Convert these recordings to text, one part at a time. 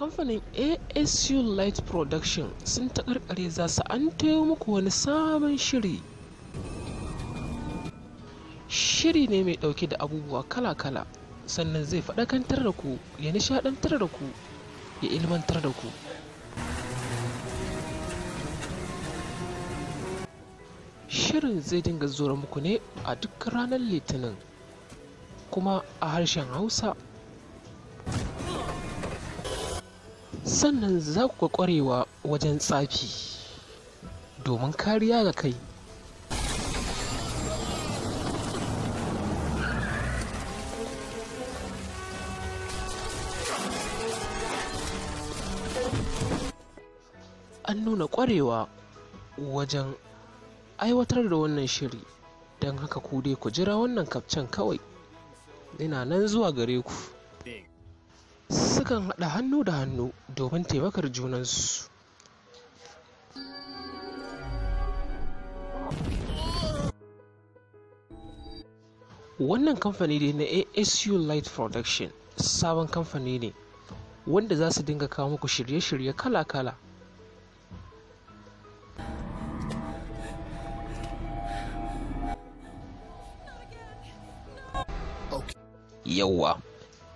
kamfanin asu light production sun taƙarƙare za su an tayo muku wani sabon shiri shiri ne mai ɗauke da abubuwa kala-kala sannan zai faɗakantar da ku ya nishaɗantar da ku ya ilmantar da ku shirin zai dinga zura muku ne a duk ranar litinin kuma a harshen hausa sannan za ku ƙwarewa wajen tsafi domin kariya ga kai an nuna ƙwarewa wajen aiwatar da wannan shiri don haka ku dai ku jira wannan kafcen kawai ina nan zuwa gare ku sukan haɗa hannu da hannu domin taimakar junansu wannan kamfani ne na asu light production sabon kamfani ne wanda za su dinga kawo muku shirye-shirye kala-kala Yawwa.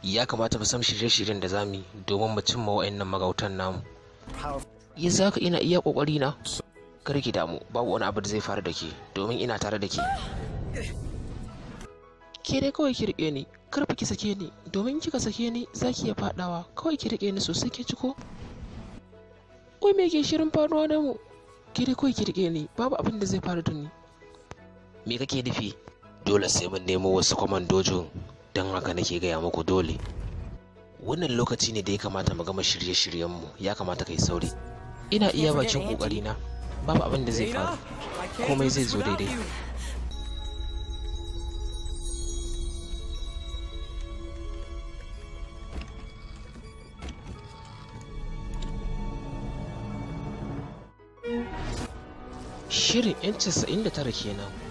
ya kamata mu san shirye-shiryen da zamu yi domin mu cimma wa'annan magautan namu ya za ka ina iya kokari na kar ki damu babu wani abu da zai faru da ke domin ina tare da ke ke dai kawai ki riƙe ni kar ki sake ni domin kika sake ni za ki iya faɗawa kawai ki riƙe ni sosai ke ciko wai me ke shirin faruwa na mu Ke dai kawai ki riƙe ni babu abin da zai faru da ni me kake nufi dole sai mun nemo wasu kwamandojin don haka nake gaya muku dole wannan lokaci ne da ya kamata mu gama shirye-shiryenmu ya kamata kai sauri ina iya bakin kokarina babu abin da zai faru komai zai zo daidai shirin 'yan tara kenan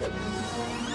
思い